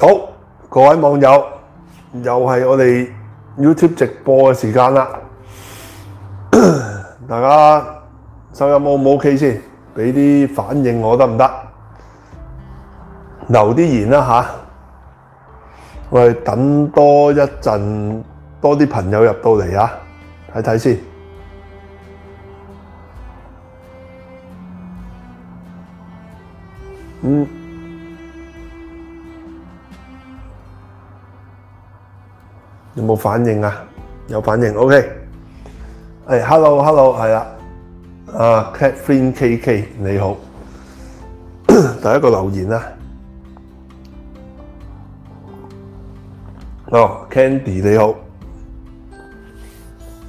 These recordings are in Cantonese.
好，各位網友，又係我哋 YouTube 直播嘅時間啦。大家收音有冇 OK 先？俾啲反應我得唔得？留啲言啦嚇、啊。我哋等多一陣，多啲朋友入到嚟啊，睇睇先。嗯。有冇反應啊？有反應，OK。誒，Hello，Hello，係啊。啊，Cat Friend KK，你好。第一個留言啊。哦，Candy 你好。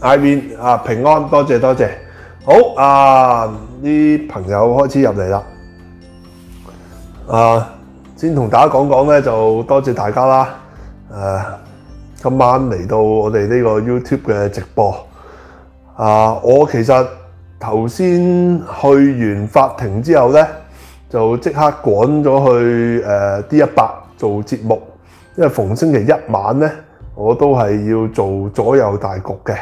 Ivan 啊，平安，多謝多謝。好啊，啲朋友開始入嚟啦。啊，先同大家講講咧，就多謝大家啦。誒。今晚嚟到我哋呢個 YouTube 嘅直播啊！我其實頭先去完法庭之後咧，就即刻趕咗去誒 D 一百做節目，因為逢星期一晚咧，我都係要做左右大局嘅。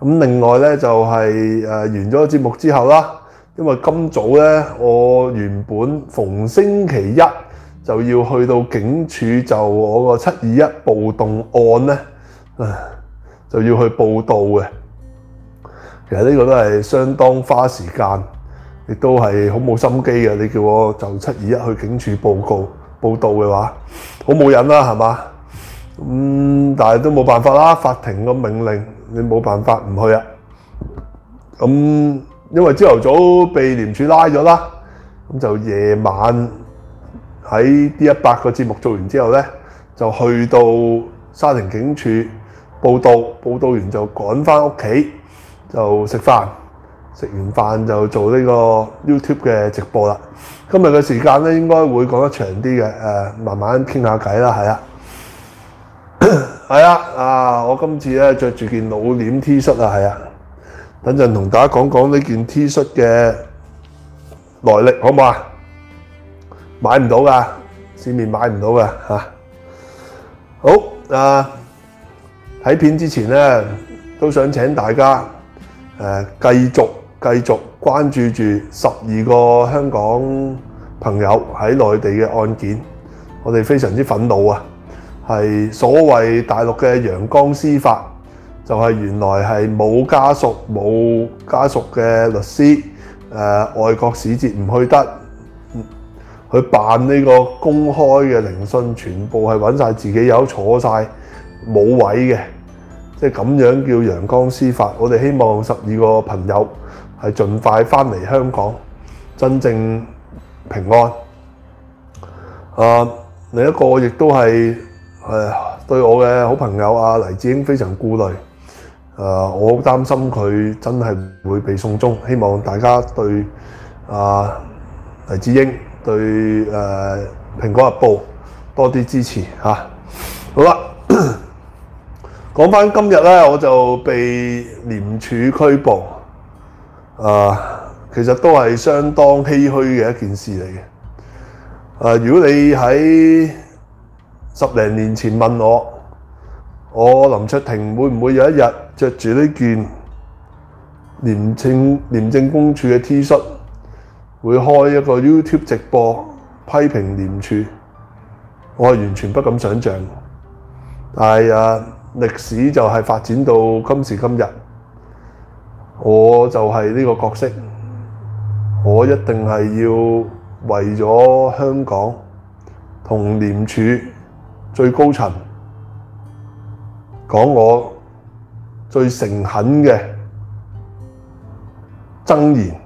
咁另外咧就係，誒完咗節目之後啦，因為今早咧我原本逢星期一。就要去到警署就我個七二一暴動案咧，就要去報到嘅。其實呢個都係相當花時間，亦都係好冇心機嘅。你叫我就七二一去警署報告報到嘅話，好冇癮啦，係嘛？咁但係都冇辦法啦，法庭個命令你冇辦法唔去啊。咁因為朝頭早被廉署拉咗啦，咁就夜晚。喺呢一百個節目做完之後呢，就去到沙田警署報到，報到完就趕翻屋企，就食飯，食完飯就做呢個 YouTube 嘅直播啦。今日嘅時間呢，應該會講得長啲嘅，誒、呃，慢慢傾下偈啦，係啊，係啊， 啊，我今次呢著住件老臉 T 恤啊，係啊，等陣同大家講講呢件 T 恤嘅來歷，好唔好啊？買唔到㗎，市面買唔到㗎吓。好啊，睇片之前呢，都想請大家誒繼續繼續關注住十二個香港朋友喺內地嘅案件。我哋非常之憤怒啊！係所謂大陸嘅陽光司法，就係原來係冇家屬冇家屬嘅律師誒，外國使節唔去得。去辦呢個公開嘅聆訊，全部係揾曬自己有坐曬冇位嘅，即係咁樣叫陽光司法。我哋希望十二個朋友係盡快翻嚟香港，真正平安。啊，另一個亦都係誒對我嘅好朋友阿黎智英非常顧慮。啊，我好擔心佢真係會被送終。希望大家對阿黎智英。對誒，蘋果日報多啲支持嚇。好啦，講翻今日咧，我就被廉署拘捕，啊，其實都係相當唏噓嘅一件事嚟嘅。啊，如果你喺十零年前問我，我林卓廷會唔會有一日著住呢件廉政廉政公署嘅 T 恤？會開一個 YouTube 直播批評廉署，我係完全不敢想象嘅。但係啊，歷史就係發展到今時今日，我就係呢個角色，我一定係要為咗香港同廉署最高層講我最誠懇嘅諍言。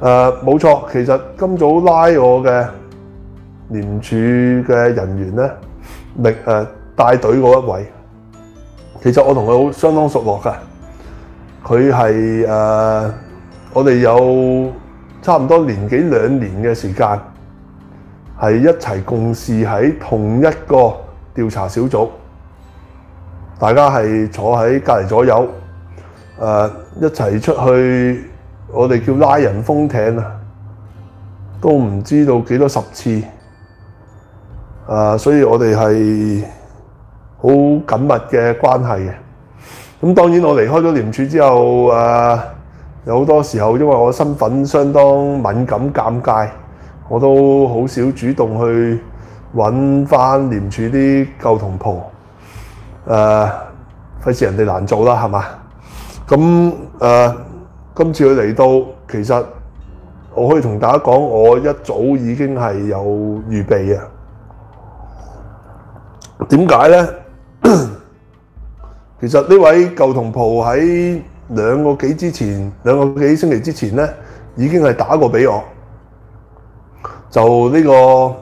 誒冇錯，其實今早拉我嘅廉署嘅人員咧，力誒帶隊嗰一位，其實我同佢好相當熟絡嘅，佢係誒我哋有差唔多年幾兩年嘅時間，係一齊共事喺同一個調查小組，大家係坐喺隔離左右，誒一齊出去。我哋叫拉人封艇啊，都唔知道幾多十次啊、呃，所以我哋係好緊密嘅關係嘅。咁當然我離開咗廉署之後，誒、呃、有好多時候，因為我身份相當敏感尷尬，我都好少主動去搵返廉署啲舊同袍。誒費事人哋難做啦，係嘛？咁誒。呃今次佢嚟到，其實我可以同大家講，我一早已經係有預備呀。點解呢？其實呢位舊同袍喺兩個幾之前，兩個幾星期之前呢，已經係打過俾我，就呢個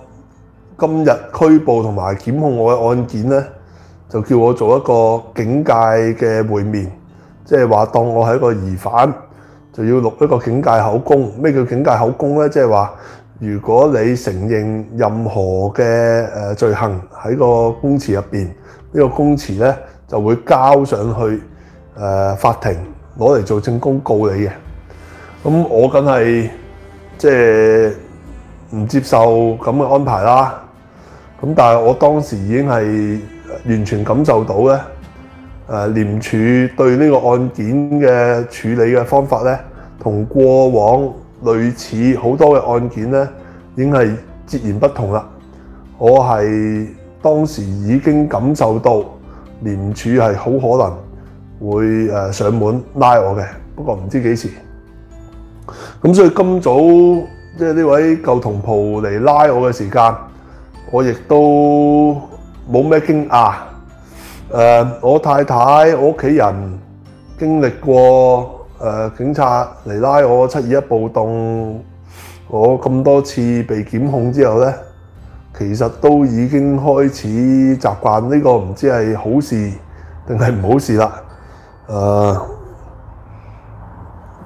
今日拘捕同埋檢控我嘅案件呢，就叫我做一個警戒嘅會面，即係話當我係一個疑犯。就要錄一個警戒口供。咩叫警戒口供呢？即係話，如果你承認任何嘅誒罪行喺個公詞入邊，呢個公詞呢就會交上去誒法庭攞嚟做證供告你嘅。咁我梗係即係唔接受咁嘅安排啦。咁但係我當時已經係完全感受到呢。啊、廉署對呢個案件嘅處理嘅方法呢，同過往類似好多嘅案件呢，已經係截然不同啦。我係當時已經感受到廉署係好可能會誒上門拉我嘅，不過唔知幾時。咁所以今早即係呢位舊同袍嚟拉我嘅時間，我亦都冇咩驚訝。誒，我太太，我屋企人經歷過誒警察嚟拉我、七二一暴動，我咁多次被檢控之後咧，其實都已經開始習慣呢個，唔知係好事定係唔好事啦。誒，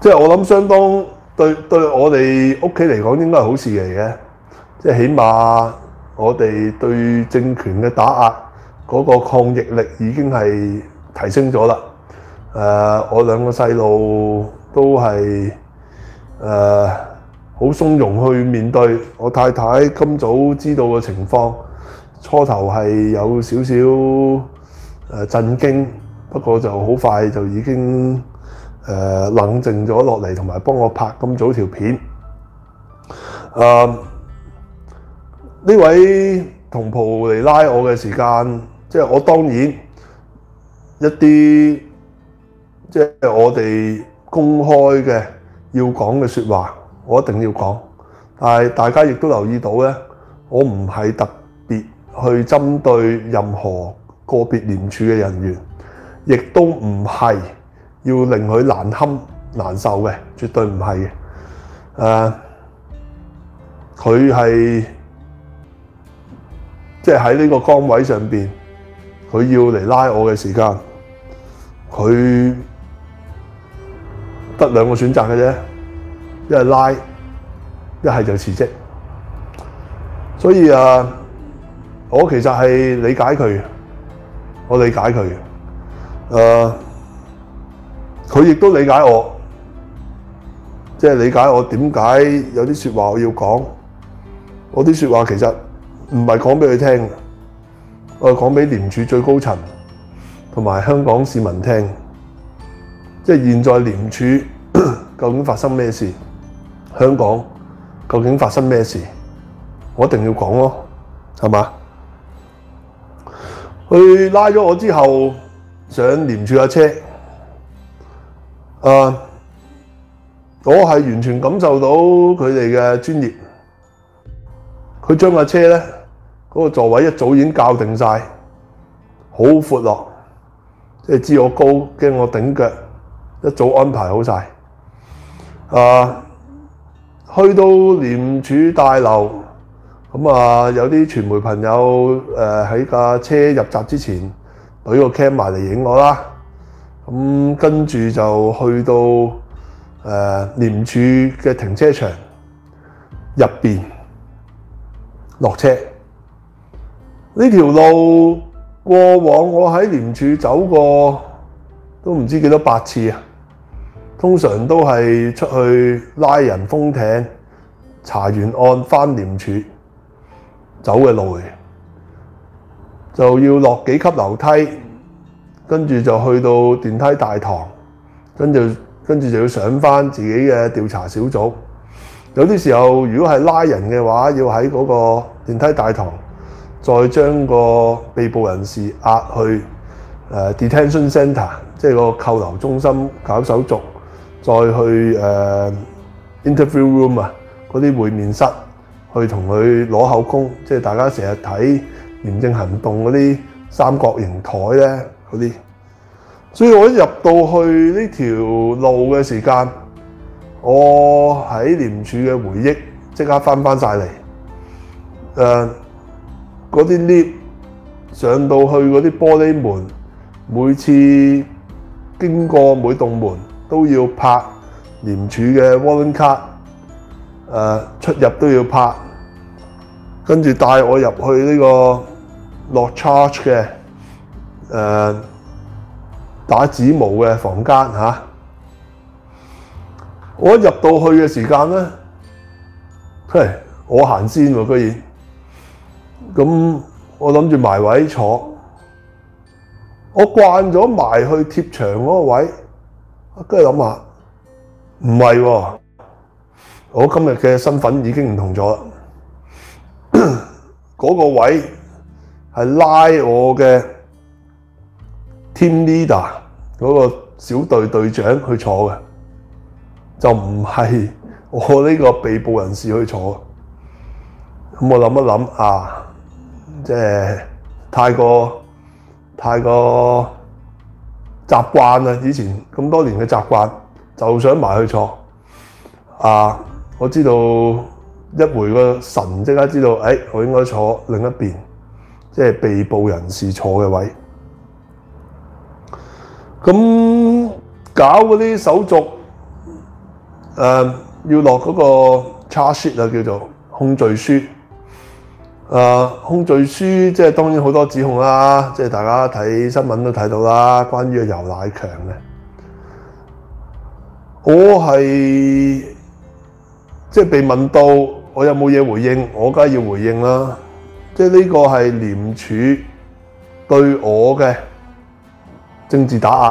即係我諗相當對對我哋屋企嚟講應該係好事嚟嘅，即係起碼我哋對政權嘅打壓。嗰個抗疫力已經係提升咗啦！誒、呃，我兩個細路都係誒好鬆容去面對。我太太今早知道嘅情況，初頭係有少少誒、呃、震驚，不過就好快就已經誒、呃、冷靜咗落嚟，同埋幫我拍今早條片。誒、呃，呢位同袍嚟拉我嘅時間。即係我當然一啲即係我哋公開嘅要講嘅説話，我一定要講。但係大家亦都留意到咧，我唔係特別去針對任何個別廉署嘅人員，亦都唔係要令佢難堪難受嘅，絕對唔係嘅。誒，佢係即係喺呢個崗位上邊。佢要嚟拉我嘅時間，佢得兩個選擇嘅啫，一係拉，一係就辭職。所以啊，我其實係理解佢，我理解佢。誒、啊，佢亦都理解我，即係理解我點解有啲説話我要講，我啲説話其實唔係講俾佢聽。我講俾廉署最高層同埋香港市民聽，即係現在廉署 究竟發生咩事？香港究竟發生咩事？我一定要講咯，係嘛？佢拉咗我之後上廉署架車，啊，我係完全感受到佢哋嘅專業，佢將架車咧。嗰個座位一早已經校定曬，好闊落，即係知我高，驚我頂腳，一早安排好曬，啊，去到廉署大樓。啊，有啲傳媒朋友誒喺架車入閘之前攞個 camera 嚟影我啦，啊，跟住就去到，啊，廉署嘅停車場入面落車。呢條路過往我喺廉署走過都唔知幾多百次啊！通常都係出去拉人封艇、查完案返廉署走嘅路嚟，就要落幾級樓梯，跟住就去到電梯大堂，跟住跟住就要上返自己嘅調查小組。有啲時候，如果係拉人嘅話，要喺嗰個電梯大堂。再將個被捕人士押去誒、uh, detention center，即係個扣留中心搞手續，再去誒、uh, interview room 啊，嗰啲會面室去同佢攞口供。即係大家成日睇廉政行動嗰啲三角形台咧嗰啲，所以我一入到去呢條路嘅時間，我喺廉署嘅回憶即刻翻翻晒嚟誒。Uh, 嗰啲 lift 上到去嗰啲玻璃門，每次經過每棟門都要拍廉署嘅 warning 卡，出入都要拍，跟住帶我入去呢、這個落 charge 嘅誒、呃、打紙毛嘅房間嚇、啊，我入到去嘅時間呢，嘿我行先喎居然。咁我諗住埋位坐，我慣咗埋去貼牆嗰個位，我跟住諗下，唔係，我今日嘅身份已經唔同咗啦。嗰、 嗰個位係拉我嘅 team leader 嗰個小隊隊長去坐嘅，就唔係我呢個被捕人士去坐的。咁我諗一諗啊！即係太過太過習慣啦，以前咁多年嘅習慣，就想埋去坐。啊，我知道一回個神即刻知道，誒、哎，我應該坐另一邊，即係被捕人士坐嘅位。咁搞嗰啲手續，誒、啊，要落嗰個 charge sheet 啊，叫做控罪書。誒、呃、控罪書，即係當然好多指控啦。即係大家睇新聞都睇到啦，關於個尤乃強咧。我係即係被問到，我有冇嘢回應？我梗係要回應啦。即係呢個係廉署對我嘅政治打壓。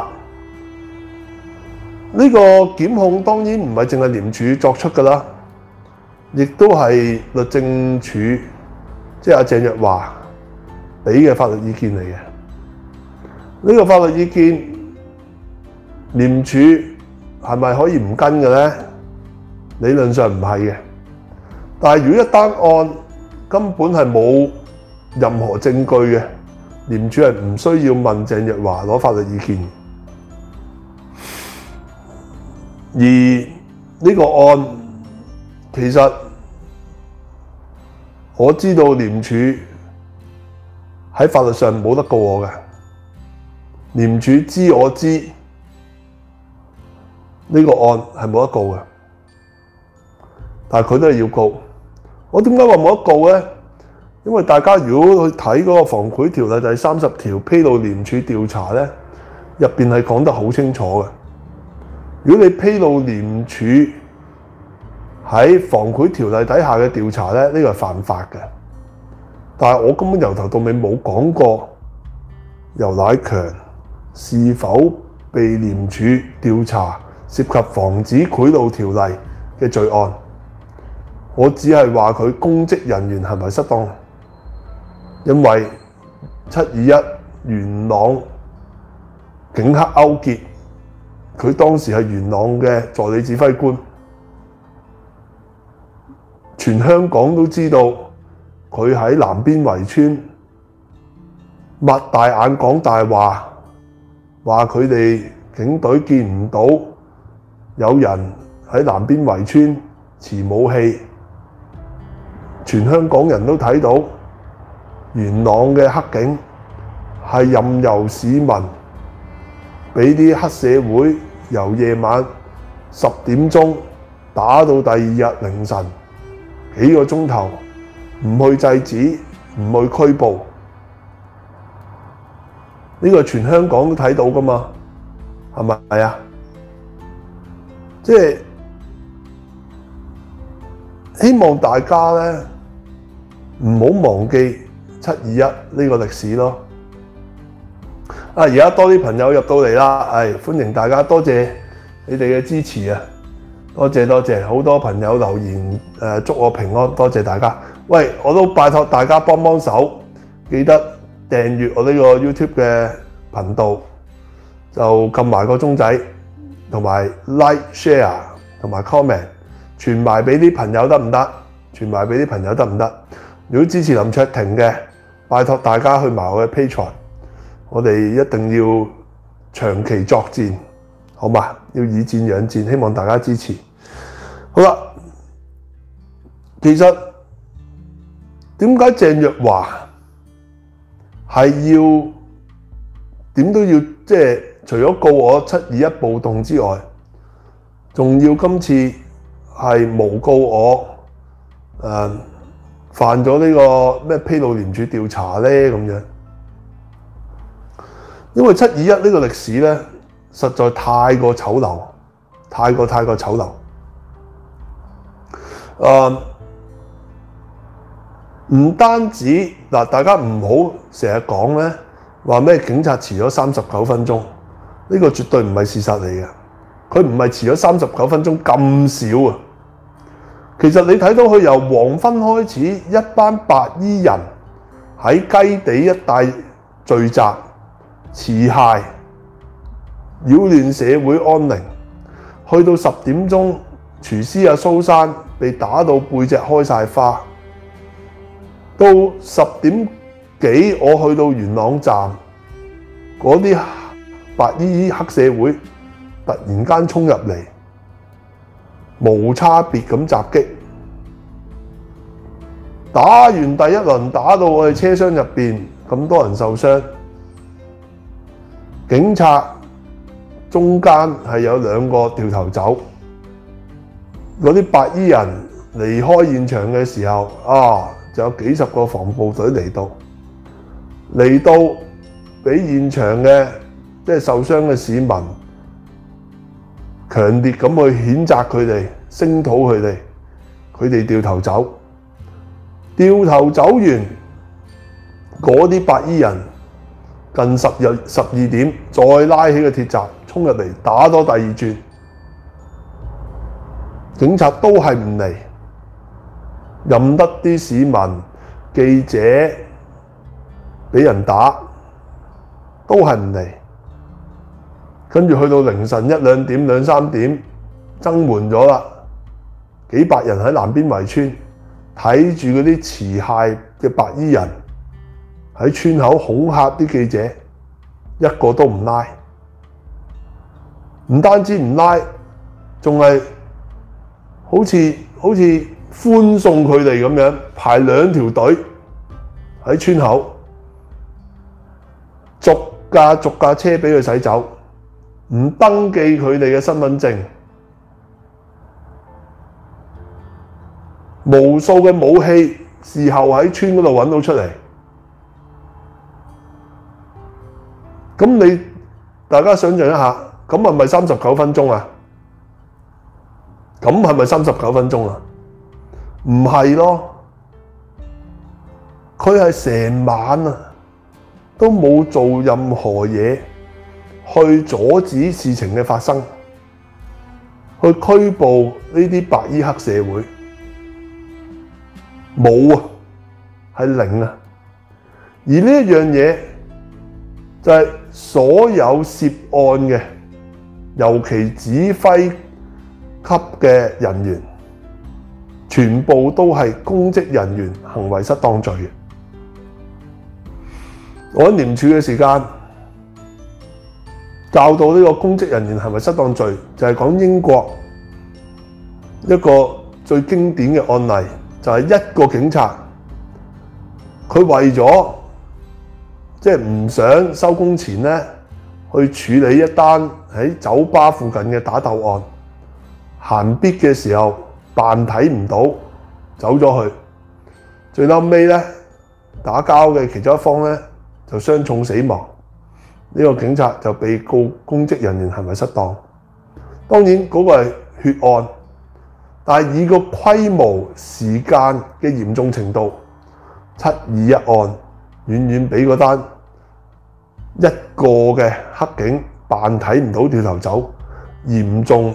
呢、呢個檢控當然唔係淨係廉署作出噶啦，亦都係律政處。即阿鄭若驊俾嘅法律意見嚟嘅。呢、這個法律意見，廉署係咪可以唔跟嘅呢？理論上唔係嘅，但係如果一單案根本係冇任何證據嘅，廉署係唔需要問鄭若驊攞法律意見。而呢個案其實。我知道廉署喺法律上冇得告我嘅，廉署知我知呢、呢個案係冇得告嘅，但係佢都係要告。我點解話冇得告呢？因為大家如果去睇嗰個《防賄條例》第三十條披露廉署調查呢，入面係講得好清楚嘅。如果你披露廉署，喺防賄條例底下嘅調查咧，呢個係犯法嘅。但係我根本由頭到尾冇講過游乃強是否被廉署調查涉及防止賄賂條例嘅罪案。我只係話佢公職人員係咪失當，因為七二一元朗警黑勾結，佢當時係元朗嘅助理指揮官。全香港都知道佢喺南邊圍村擘大眼講大話，話佢哋警隊見唔到有人喺南邊圍村持武器。全香港人都睇到元朗嘅黑警係任由市民畀啲黑社會由夜晚十點鐘打到第二日凌晨。幾個鐘頭唔去制止，唔去拘捕，呢個全香港都睇到㗎嘛，係咪係啊？即係希望大家咧唔好忘記七二一呢個歷史咯。啊，而家多啲朋友入到嚟啦，誒、哎，歡迎大家，多謝你哋嘅支持啊！多謝多謝，好多朋友留言誒祝我平安，多謝大家。喂，我都拜託大家幫幫手，記得訂閱我呢個 YouTube 嘅頻道，就撳埋個鐘仔，同埋 Like、Share 同埋 Comment，傳埋俾啲朋友得唔得？傳埋俾啲朋友得唔得？如果支持林卓廷嘅，拜託大家去埋我嘅 Patreon，我哋一定要長期作戰，好嘛？要以戰養戰，希望大家支持。好啦，其實點解鄭若驊係要點都要即係除咗告我七二一暴動之外，仲要今次係誣告我誒、呃、犯咗呢、這個咩披露廉署調查呢？咁樣，因為七二一呢個歷史呢，實在太過醜陋，太過太過醜陋。誒唔、um, 單止，大家唔好成日講咧，話咩警察遲咗三十九分鐘，呢個絕對唔係事實嚟嘅。佢唔係遲咗三十九分鐘咁少啊。其實你睇到佢由黃昏開始，一班白衣人喺雞地一帶聚集，持械擾亂社會安寧，去到十點鐘，廚師阿蘇生，被打到背脊開曬花，到十點幾，我去到元朗站，嗰啲白衣黑社會突然間衝入嚟，無差別咁襲擊，打完第一輪，打到我哋車廂入面咁多人受傷，警察中間係有兩個掉頭走。嗰啲白衣人離開現場嘅時候，啊，就有幾十個防暴隊嚟到，嚟到俾現場嘅即係受傷嘅市民強烈咁去譴責佢哋、聲討佢哋，佢哋掉頭走，掉頭走完，嗰啲白衣人近十日十二點再拉起個鐵閘，衝入嚟打多第二轉。警察都係唔嚟，任得啲市民、記者俾人打，都係唔嚟。跟住去到凌晨一兩點、兩三點，增援咗啦。幾百人喺南邊圍村睇住嗰啲持械嘅白衣人，喺村口恐嚇啲記者，一個都唔拉。唔單止唔拉，仲係。好似好似歡送佢哋咁樣排兩條隊喺村口，逐架逐架車俾佢駛走，唔登記佢哋嘅身份證，無數嘅武器事後喺村嗰度搵到出嚟，咁你，大家想象一下，咁係咪三十九分鐘啊？咁係咪三十九分鐘啊？唔係囉，佢係成晚啊，都冇做任何嘢去阻止事情嘅發生，去拘捕呢啲白衣黑社會，冇啊，係零啊。而呢一樣嘢就係所有涉案嘅，尤其指揮級嘅人員全部都係公職人員行為失當罪嘅。我喺廉署嘅時間教導呢個公職人員行為失當罪，就係講英國一個最經典嘅案例，就係一個警察，佢為咗，即係唔想收工前呢去處理一單喺酒吧附近嘅打鬥案。行必嘅時候扮睇唔到，走咗去。最後尾咧，打交嘅其中一方咧就傷重死亡。呢個警察就被告公職人員行為失當。當然嗰個係血案，但係以個規模、時間嘅嚴重程度，七二一案遠遠比嗰單一個嘅黑警扮睇唔到掉頭走嚴重。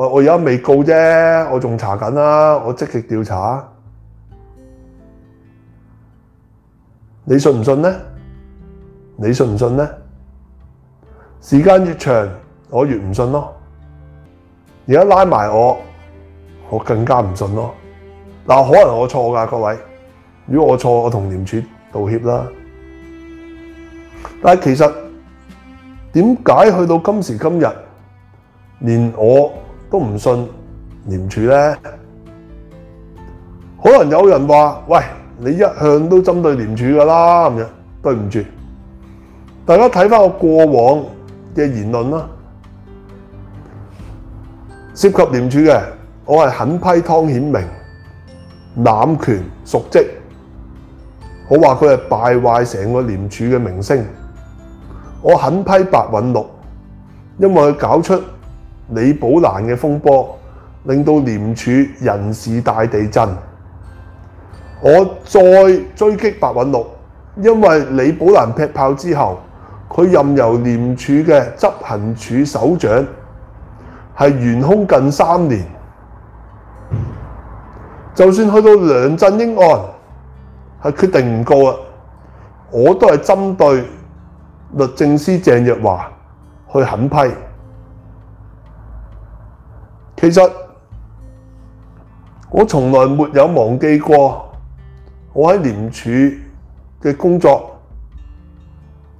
我而家未告啫，我仲查緊啦，我積極調查。你信唔信咧？你信唔信咧？時間越長，我越唔信咯。而家拉埋我，我更加唔信咯。嗱，可能我錯噶，各位。如果我錯，我同廉署道歉啦。但係其實點解去到今時今日，連我……都唔信廉署咧，可能有人話：「喂，你一向都針對廉署㗎啦，咁樣，對唔住，大家睇返我過往嘅言論啦，涉及廉署嘅，我係狠批湯顯明濫權、瀆職，我話佢係敗壞成個廉署嘅名聲，我狠批白韞六，因為佢搞出李寶蘭嘅風波令到廉署人事大地震，我再追擊白韞六，因為李寶蘭劈炮之後，佢任由廉署嘅執行處首長係懸空近三年，就算去到梁振英案係決定唔告啊，我都係針對律政司鄭若驊去狠批。其實我從來沒有忘記過我喺廉署嘅工作，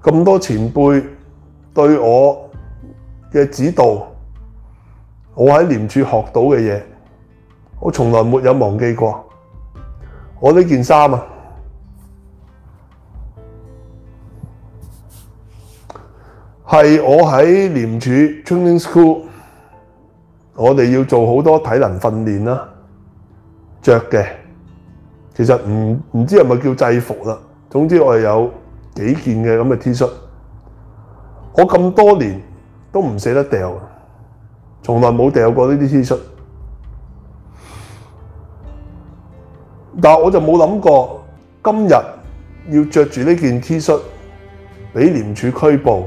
咁多前輩對我嘅指導，我喺廉署學到嘅嘢，我從來沒有忘記過。我呢件衫啊，係我喺廉署 training school。我哋要做好多體能訓練啦，著嘅其實唔唔知係咪叫制服啦。總之我有幾件嘅咁嘅 T 恤，我咁多年都唔捨得掉，從來冇掉過呢啲 T 恤。但我就冇諗過今日要著住呢件 T 恤，俾廉署拘捕，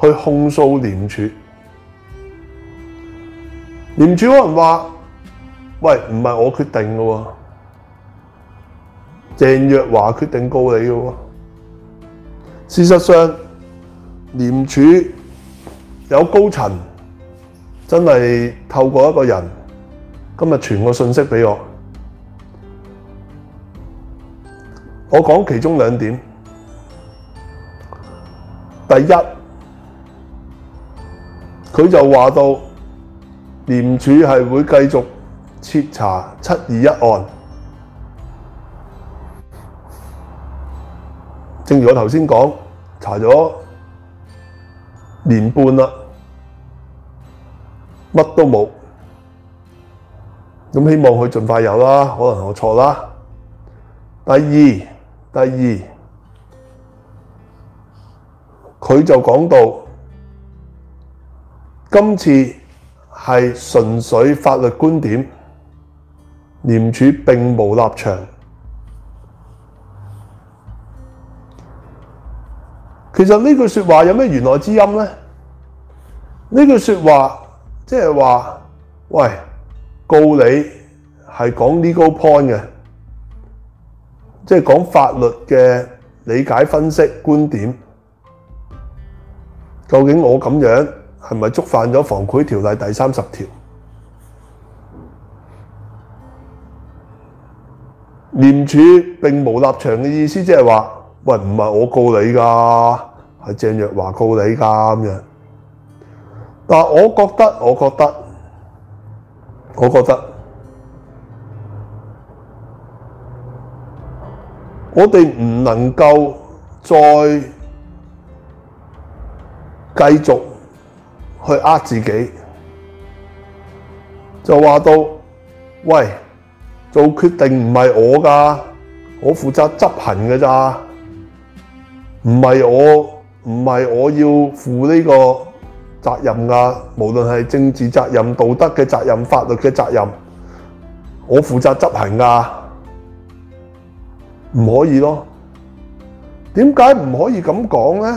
去控訴廉署。廉署可能話：喂，唔係我決定㗎喎，鄭若驊決定告你㗎喎。事實上，廉署有高層真係透過一個人，今日傳個訊息俾我。我講其中兩點。第一，佢就話到。廉署係會繼續徹查七二一案，正如我頭先講，查咗年半啦，乜都冇，咁希望佢盡快有啦。可能我錯啦。第二，第二，佢就講到今次。係純粹法律觀點，廉署並無立場。其實呢句説話有咩言外之音呢？呢句説話即係話，喂，告你係講 legal point 嘅，即係講法律嘅理解、分析、觀點。究竟我咁樣，係咪觸犯咗《防賄條例》第三十條？廉署並無立場嘅意思，即係話，喂，唔係我告你㗎，係鄭若驊告你㗎咁樣。但係我覺得，我覺得，我覺得，我哋唔能夠再繼續。去呃自己就話到喂，做決定唔係我㗎，我負責執行嘅咋？唔係我，唔係我要負呢個責任㗎。無論係政治責任、道德嘅責任、法律嘅責任，我負責執行㗎，唔可以囉，點解唔可以咁講咧？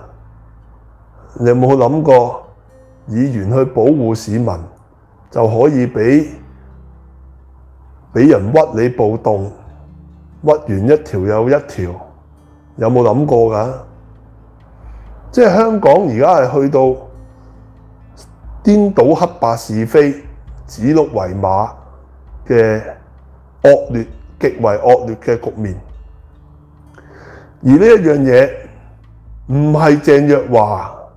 你有冇諗過議員去保護市民，就可以俾俾人屈你暴動，屈完一條又一條？有冇諗過㗎？即係香港而家係去到顛倒黑白是非、指鹿為馬嘅惡劣、極為惡劣嘅局面。而呢一樣嘢唔係鄭若驊。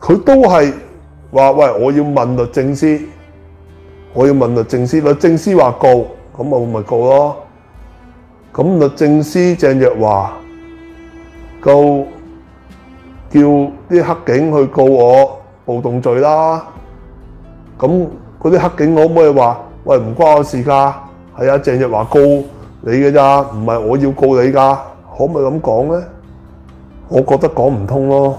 佢都係話：喂，我要問律政司，我要問律政司，律政司話告，咁我咪告咯。咁律政司鄭若驊告，叫啲黑警去告我暴動罪啦。咁嗰啲黑警可唔可以話：喂，唔關我事㗎。係啊，鄭若驊告你㗎咋，唔係我要告你㗎，可唔可以咁講咧？我覺得講唔通咯。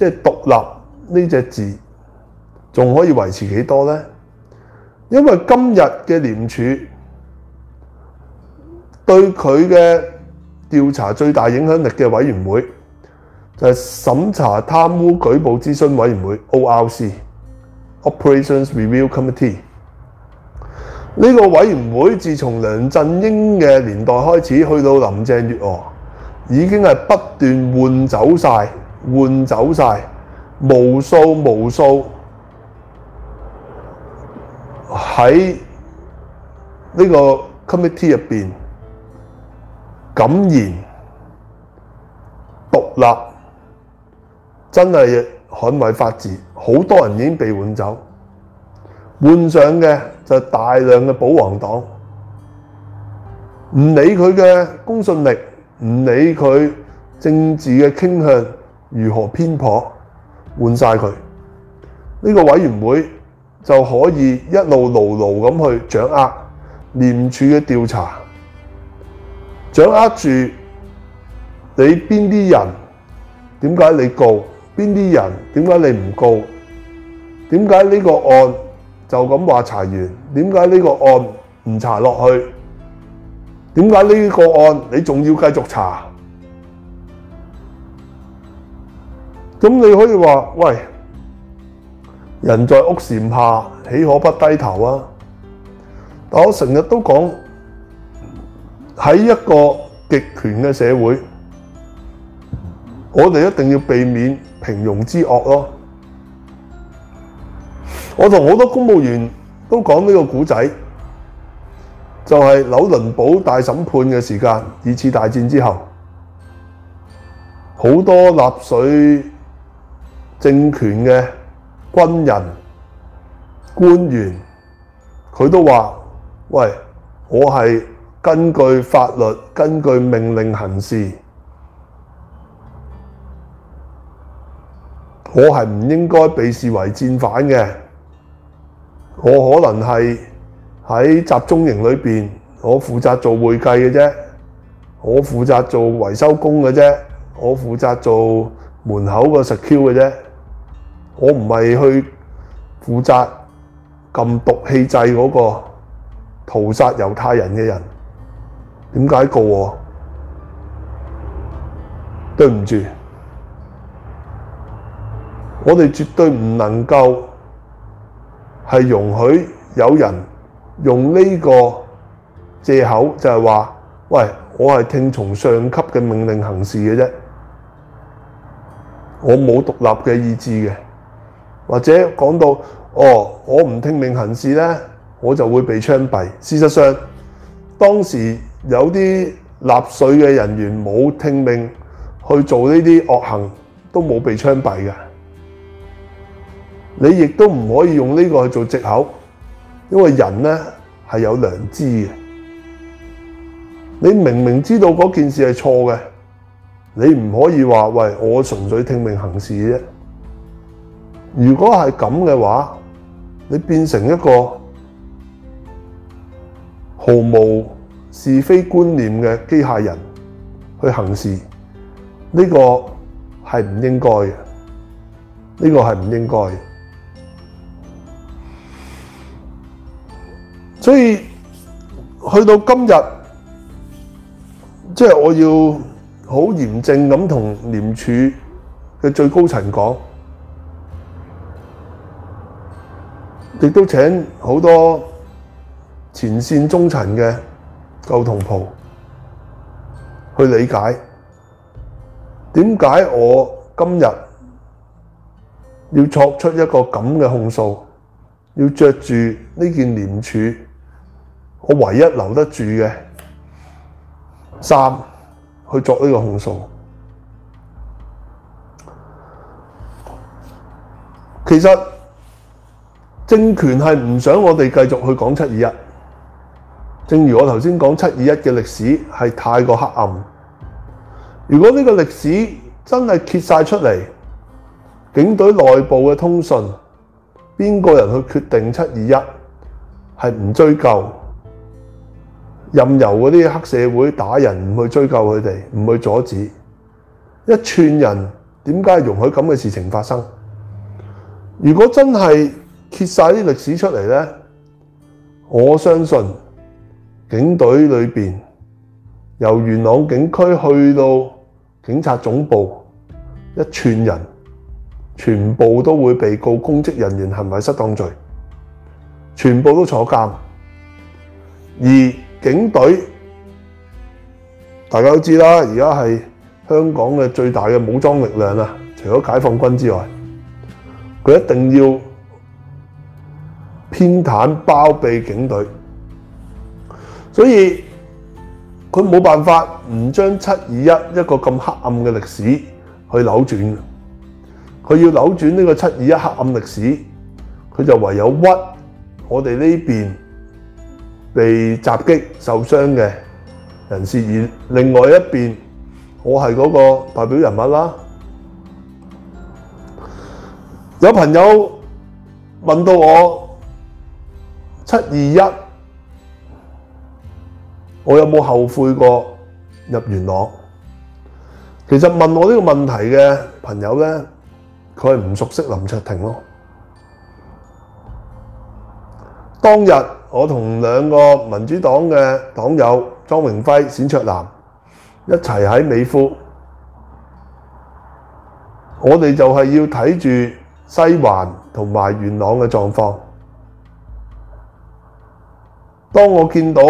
即係獨立呢隻字，仲可以維持幾多呢？因為今日嘅廉署對佢嘅調查最大影響力嘅委員會，就係、是、審查貪污舉報諮詢委員會 o l c o p e r a t i o n s Review Committee）。呢個委員會自從梁振英嘅年代開始，去到林鄭月娥，已經係不斷換走晒。換走曬無數無數喺呢個 committee 入面，敢言獨立，真係捍衞法治。好多人已經被換走，換上嘅就大量嘅保皇黨，唔理佢嘅公信力，唔理佢政治嘅傾向。如何偏頗換曬佢？呢個委員會就可以一路牢牢咁去掌握廉署嘅調查，掌握住你邊啲人點解你告，邊啲人點解你唔告，點解呢個案就咁話查完，點解呢個案唔查落去，點解呢個案你仲要繼續查？咁你可以話：喂，人在屋檐下，豈可不低頭啊？但我成日都講喺一個極權嘅社會，我哋一定要避免平庸之惡咯。我同好多公務員都講呢個故仔，就係紐倫堡大審判嘅時間，二次大戰之後，好多納粹政權嘅軍人官員，佢都話：喂，我係根據法律、根據命令行事，我係唔應該被視為戰犯嘅。我可能係喺集中營裏邊，我負責做會計嘅啫，我負責做維修工嘅啫，我負責做門口個 security 嘅啫。我唔係去負責禁毒氣劑嗰個屠殺猶太人嘅人，點解告我？對唔住，我哋絕對唔能夠係容許有人用呢個借口，就係話：「喂，我係聽從上級嘅命令行事嘅啫，我冇獨立嘅意志嘅。」或者講到哦，我唔聽命行事呢，我就會被槍斃。事實上，當時有啲納粹嘅人員冇聽命去做呢啲惡行，都冇被槍斃嘅。你亦都唔可以用呢個去做藉口，因為人呢係有良知嘅。你明明知道嗰件事係錯嘅，你唔可以話喂，我純粹聽命行事啫。如果係咁嘅話，你變成一個毫無是非觀念嘅機械人去行事，呢個係唔應該嘅，呢個係唔應該嘅。所以去到今日，即係我要好嚴正咁同廉署嘅最高層講。亦都請好多前線中層嘅舊同袍去理解點解我今日要作出一個咁嘅控訴，要著住呢件廉署我唯一留得住嘅衫去作呢個控訴，其實。政權係唔想我哋繼續去講七二一，正如我頭先講七二一嘅歷史係太過黑暗。如果呢個歷史真係揭晒出嚟，警隊內部嘅通訊，邊個人去決定七二一係唔追究，任由嗰啲黑社會打人唔去追究佢哋，唔去阻止，一串人點解容許咁嘅事情發生？如果真係，揭曬啲歷史出嚟咧，我相信警隊裏面由元朗警區去到警察總部一串人，全部都會被告公職人員行為失當罪，全部都坐監。而警隊大家都知啦，而家係香港嘅最大嘅武裝力量啦，除咗解放軍之外，佢一定要偏袒包庇警隊，所以佢冇辦法唔將七二一一個咁黑暗嘅歷史去扭轉。佢要扭轉呢個七二一黑暗歷史，佢就唯有屈我哋呢邊被襲擊受傷嘅人士，而另外一邊我係嗰個代表人物啦。有朋友問到我。七二一，我有冇後悔過入元朗？其實問我呢個問題嘅朋友咧，佢係唔熟悉林卓廷咯。當日我同兩個民主黨嘅黨友莊榮輝、冼卓南一齊喺美孚，我哋就係要睇住西環同埋元朗嘅狀況。當我見到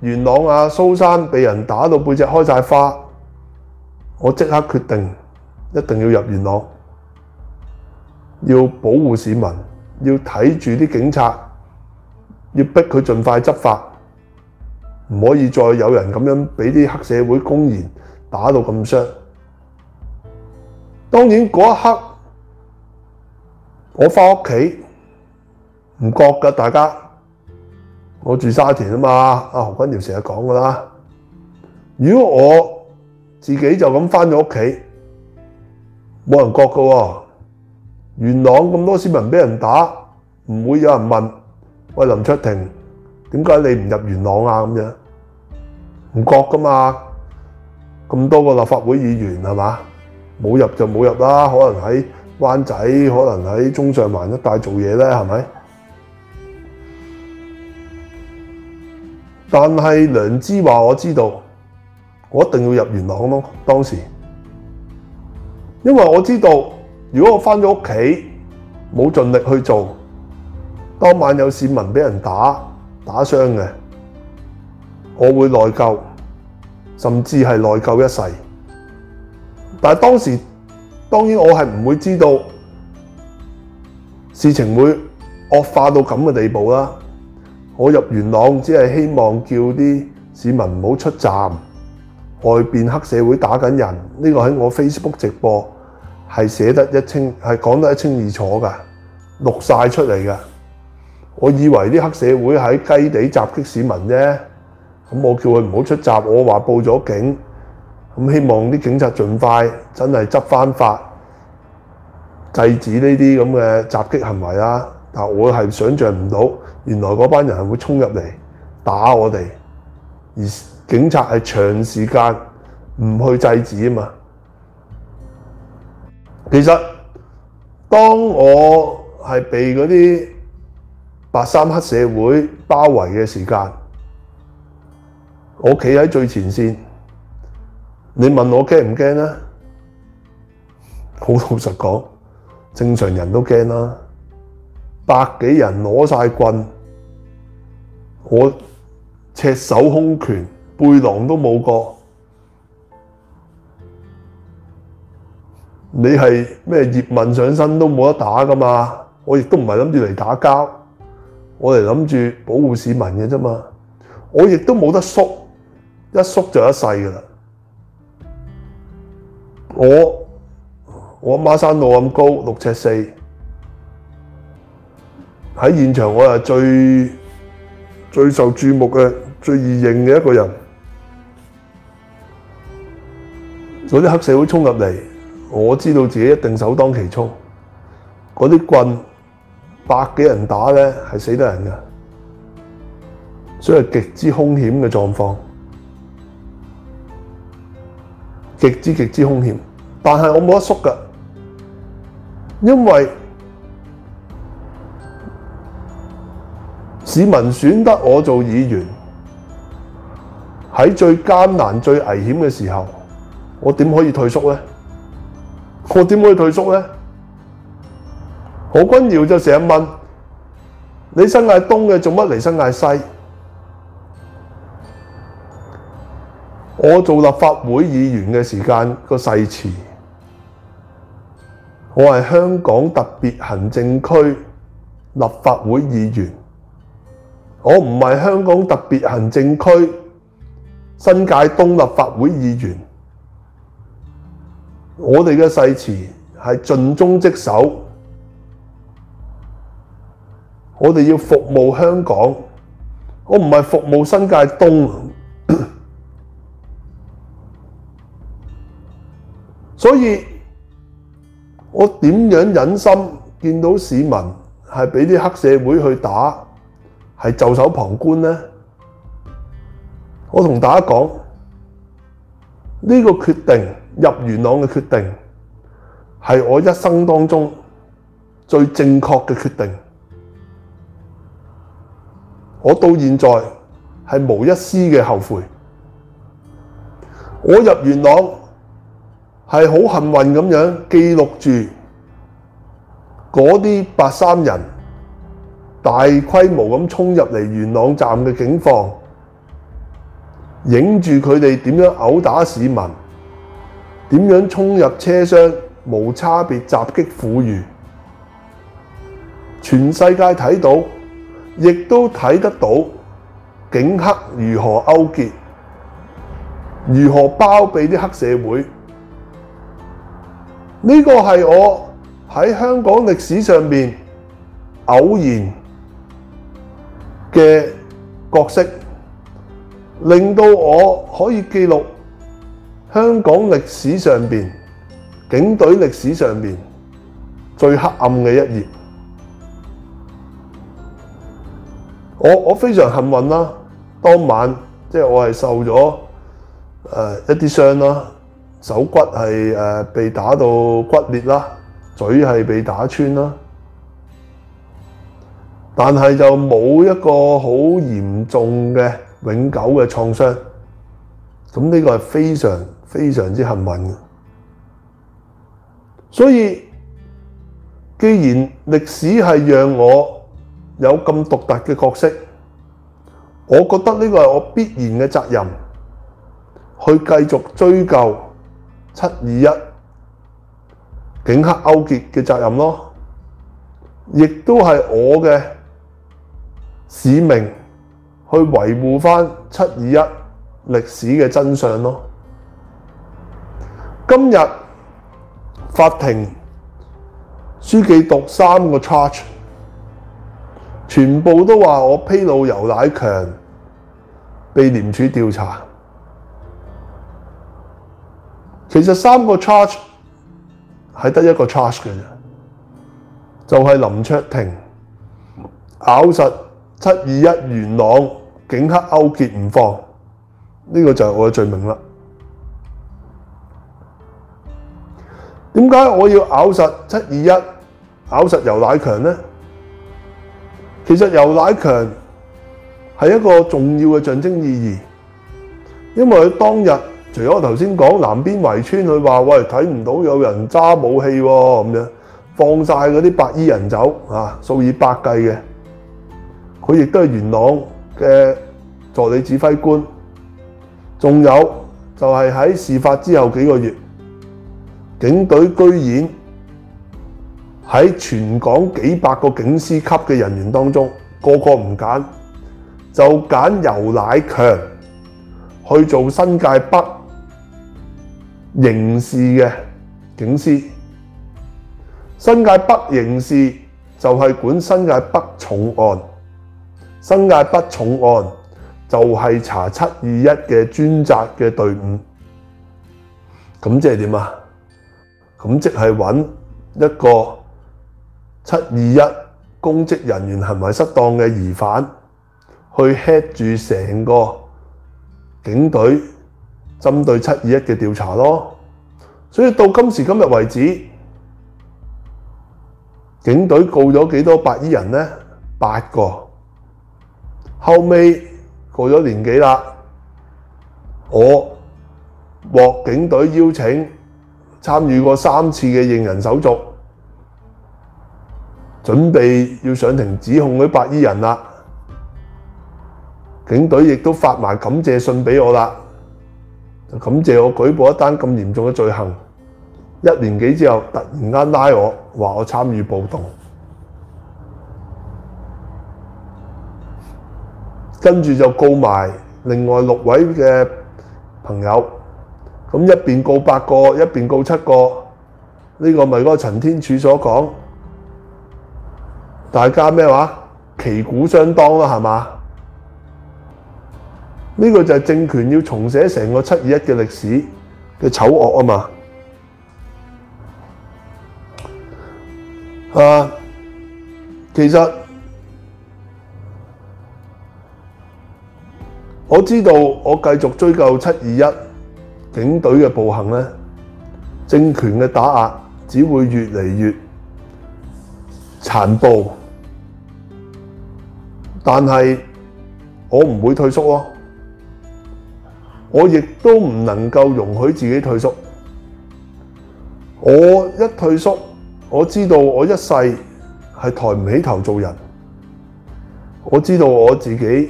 元朗啊蘇珊被人打到背脊開晒花，我即刻決定一定要入元朗，要保護市民，要睇住啲警察，要逼佢盡快執法，唔可以再有人咁樣俾啲黑社會公然打到咁傷。當然嗰一刻，我返屋企唔覺噶，大家。我住沙田啊嘛，阿、啊、何君堯成日講噶啦。如果我自己就咁返咗屋企，冇人覺噶喎、啊。元朗咁多市民俾人打，唔會有人問：喂，林卓廷點解你唔入元朗啊？咁樣唔覺噶嘛。咁多個立法會議員係嘛，冇入就冇入啦。可能喺灣仔，可能喺中上環一帶做嘢咧，係咪？但係良知話我知道，我一定要入元朗咯。當時，因為我知道，如果我返咗屋企冇盡力去做，當晚有市民俾人打打傷嘅，我會內疚，甚至係內疚一世。但係當時當然我係唔會知道事情會惡化到咁嘅地步啦。我入元朗，只係希望叫啲市民唔好出站，外邊黑社會打緊人。呢、這個喺我 Facebook 直播係寫得一清，係講得一清二楚噶，錄晒出嚟噶。我以為啲黑社會喺雞地襲擊市民啫，咁我叫佢唔好出閘，我話報咗警，咁希望啲警察盡快真係執翻法，制止呢啲咁嘅襲擊行為啦。但我係想象唔到。原來嗰班人係會衝入嚟打我哋，而警察係長時間唔去制止啊嘛。其實當我係被嗰啲白衫黑社會包圍嘅時間，我企喺最前線，你問我驚唔驚咧？好老實講，正常人都驚啦。百幾人攞曬棍。我赤手空拳，背囊都冇個。你係咩葉問上身都冇得打㗎嘛？我亦都唔係諗住嚟打交，我係諗住保護市民嘅啫嘛。我亦都冇得縮，一縮就一世㗎喇。我我阿媽生到咁高，六尺四。喺現場我係最。最受注目嘅，最易認嘅一個人，嗰啲黑社會衝入嚟，我知道自己一定首當其衝。嗰啲棍百幾人打呢，係死得人嘅，所以極之兇險嘅狀況，極之極之兇險。但係我冇得縮㗎，因為，市民選得我做議員，喺最艱難、最危險嘅時候，我點可以退縮呢？我點可以退縮呢？何君堯就成日問：你新界東嘅做乜嚟新界西？我做立法會議員嘅時間、嗰個誓詞，我係香港特別行政區立法會議員。我唔係香港特別行政區新界東立法會議員，我哋嘅誓詞係盡忠職守，我哋要服務香港，我唔係服務新界東，所以我點樣忍心見到市民係畀啲黑社會去打？係袖手旁觀呢，我同大家講呢個決定入元朗嘅決定，係我一生當中最正確嘅決定。我到現在係無一絲嘅後悔。我入元朗係好幸運咁樣記錄住嗰啲白衫人。大規模咁衝入嚟元朗站嘅警方，影住佢哋點樣毆打市民，點樣衝入車廂，無差別襲擊婦孺。全世界睇到，亦都睇得到警黑如何勾結，如何包庇啲黑社會。呢個係我喺香港歷史上面偶然嘅角色，令到我可以記錄香港歷史上面、警隊歷史上面最黑暗嘅一頁。我我非常幸運啦，當晚即係、就是、我係受咗誒、呃、一啲傷啦，手骨係、呃、被打到骨裂啦，嘴係被打穿啦。但係就冇一個好嚴重嘅永久嘅創傷，咁呢個係非常非常之幸運嘅。所以既然歷史係讓我有咁獨特嘅角色，我覺得呢個係我必然嘅責任，去繼續追究七二一警黑勾結嘅責任咯，亦都係我嘅。使命去維護翻七二一歷史嘅真相咯。今日法庭書記讀三個 charge，全部都話我披露游乃強被廉署調查。其實三個 charge 係得一個 charge 嘅，就係林卓廷咬實七二一元朗警黑勾結唔放，呢、這個就係我嘅罪名啦。點解我要咬實七二一、咬實游乃強呢？其實游乃強係一個重要嘅象徵意義，因為當日除咗我頭先講南邊圍村他說，佢話喂睇唔到有人揸武器喎、哦，咁樣放曬嗰啲白衣人走啊，數以百計嘅。佢亦都係元朗嘅助理指揮官，仲有就係喺事發之後幾個月，警隊居然喺全港幾百個警司級嘅人員當中個個唔揀，就揀游乃強去做新界北刑事嘅警司。新界北刑事就係管新界北重案。新界北重案就係查七二一嘅專責嘅隊伍，咁即係點啊？咁即係揾一個七二一公職人員行為失當嘅疑犯，去 head 住成個警隊，針對七二一嘅調查咯。所以到今時今日為止，警隊告咗幾多白衣人呢？八個。後尾過咗年幾啦，我獲警隊邀請參與過三次嘅認人手續，準備要上庭指控嗰白衣人啦。警隊亦都發埋感謝信俾我啦，就感謝我舉報一單咁嚴重嘅罪行。一年幾之後，突然間拉我話我參與暴動。跟住就告埋另外六位嘅朋友，咁一邊告八個，一邊告七個，呢個咪嗰個陳天柱所講，大家咩話，旗鼓相當啦，係嘛？呢個就係政權要重寫成個七二一嘅歷史嘅醜惡啊嘛，係嘛？其實。我知道我繼續追究七二一警隊嘅暴行呢，政權嘅打壓只會越嚟越殘暴，但係我唔會退縮咯、哦，我亦都唔能夠容許自己退縮。我一退縮，我知道我一世係抬唔起頭做人，我知道我自己。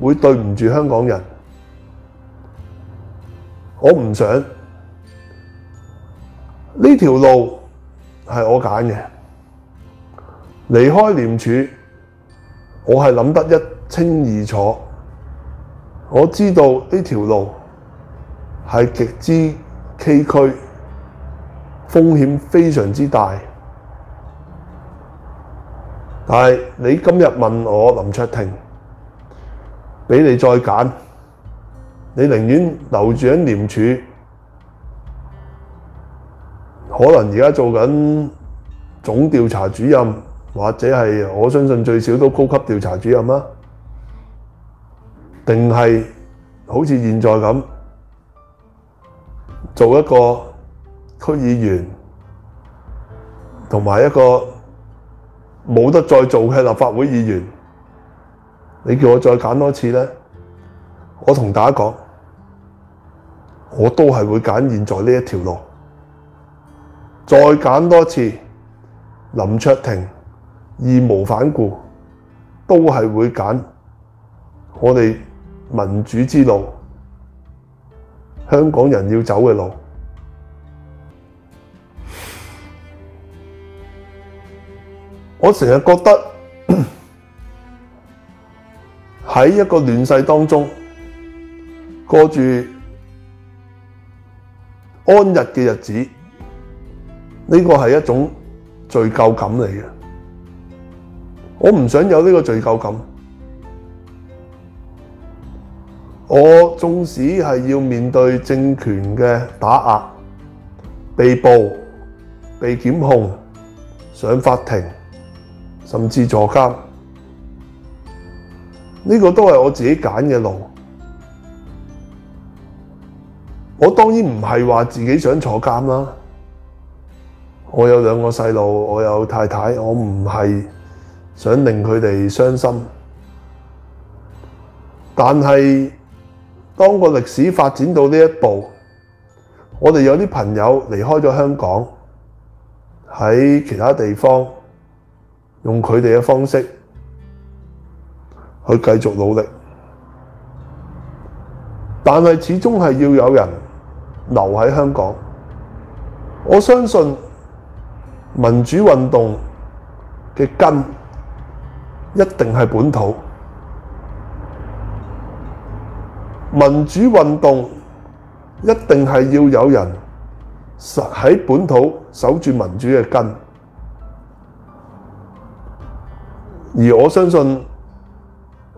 會對唔住香港人，我唔想，呢條路係我揀嘅，離開廉署，我係諗得一清二楚，我知道呢條路係極之崎嶇，風險非常之大，但係你今日問我林卓廷。俾你再揀，你寧願留住喺廉署，可能而家做緊總調查主任，或者係我相信最少都高級調查主任啦，定係好似現在咁做一個區議員，同埋一個冇得再做嘅立法會議員。你叫我再揀多次呢？我同大家講，我都係會揀現在呢一條路。再揀多次，林卓廷義無反顧，都係會揀我哋民主之路，香港人要走嘅路。我成日覺得。 喺一個亂世當中，過住安逸嘅日子，呢個係一種罪疚感嚟嘅。我唔想有呢個罪疚感。我縱使係要面對政權嘅打壓、被捕、被檢控、上法庭，甚至坐監。呢個都係我自己揀嘅路，我當然唔係話自己想坐監啦。我有兩個細路，我有太太，我唔係想令佢哋傷心。但係當個歷史發展到呢一步，我哋有啲朋友離開咗香港，喺其他地方用佢哋嘅方式。去繼續努力，但係始終係要有人留喺香港。我相信民主運動嘅根一定係本土，民主運動一定係要有人實喺本土守住民主嘅根，而我相信，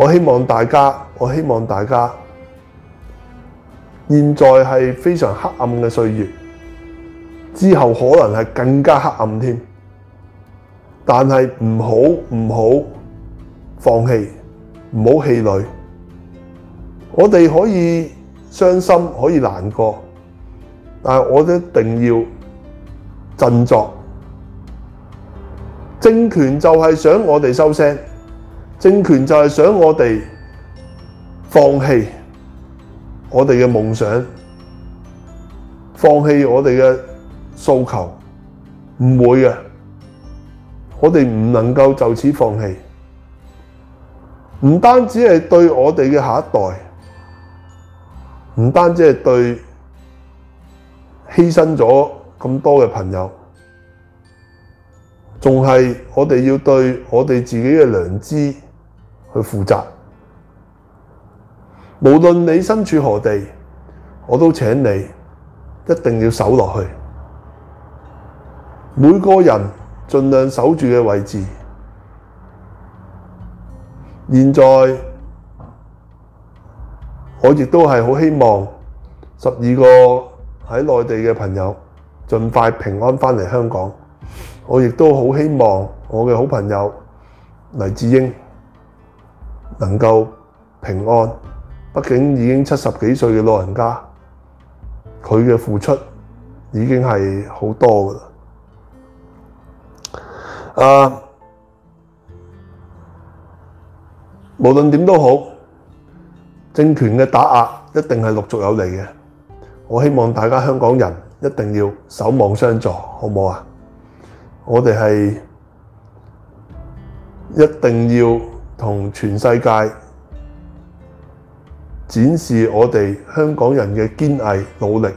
我希望大家，我希望大家，現在係非常黑暗嘅歲月，之後可能係更加黑暗添。但係唔好唔好放棄，唔好氣餒。我哋可以傷心，可以難過，但係我哋一定要振作。政權就係想我哋收聲。政權就係想我哋放棄我哋嘅夢想，放棄我哋嘅訴求，唔會嘅。我哋唔能夠就此放棄，唔單止係對我哋嘅下一代，唔單止係對犧牲咗咁多嘅朋友，仲係我哋要對我哋自己嘅良知去負責，無論你身處何地，我都請你一定要守落去。每個人盡量守住嘅位置。現在我亦都係好希望十二個喺內地嘅朋友盡快平安返嚟香港。我亦都好希望我嘅好朋友黎智英。能夠平安，畢竟已經七十幾歲的老人家，他的付出已經是很多㗎喇。無論怎樣都好，政權的打壓一定是陸續有嚟的。我希望大家香港人一定要守望相助，好唔好呀？我們是一定要 uh, 同全世界展示我哋香港人嘅堅毅努力。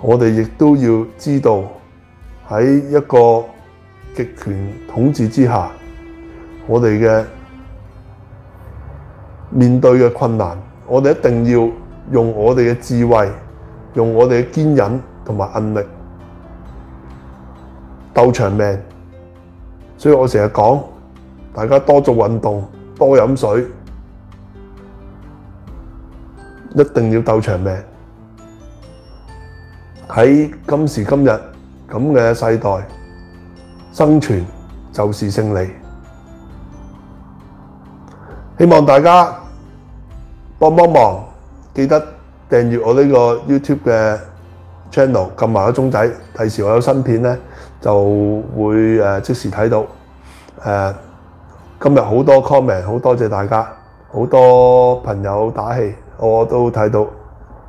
我哋亦都要知道喺一個極權統治之下，我哋嘅面對嘅困難，我哋一定要用我哋嘅智慧，用我哋嘅堅忍同埋毅力，鬥長命。所以我成日講。大家多做運動，多飲水，一定要鬥長命。喺今時今日咁嘅世代，生存就是勝利。希望大家幫幫忙，記得訂閱我呢個 YouTube 嘅 channel，撳埋個鐘仔，第時我有新片呢，就會誒即時睇到誒。今日好多 comment，好多謝大家，好多朋友打氣，我都睇到，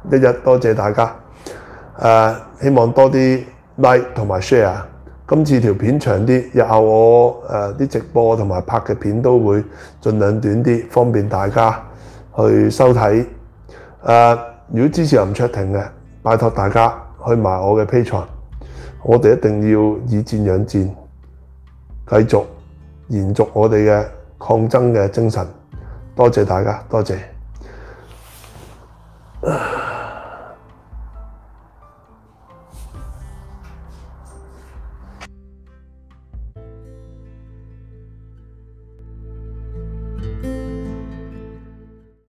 一日多謝大家。誒、呃，希望多啲 like 同埋 share。今次條片長啲，日後我誒啲、呃、直播同埋拍嘅片都會盡量短啲，方便大家去收睇。誒、呃，如果支持唔出庭嘅，拜託大家去埋我嘅 patreon，我哋一定要以戰養戰，繼續，延續我哋嘅抗爭嘅精神，多謝大家，多謝。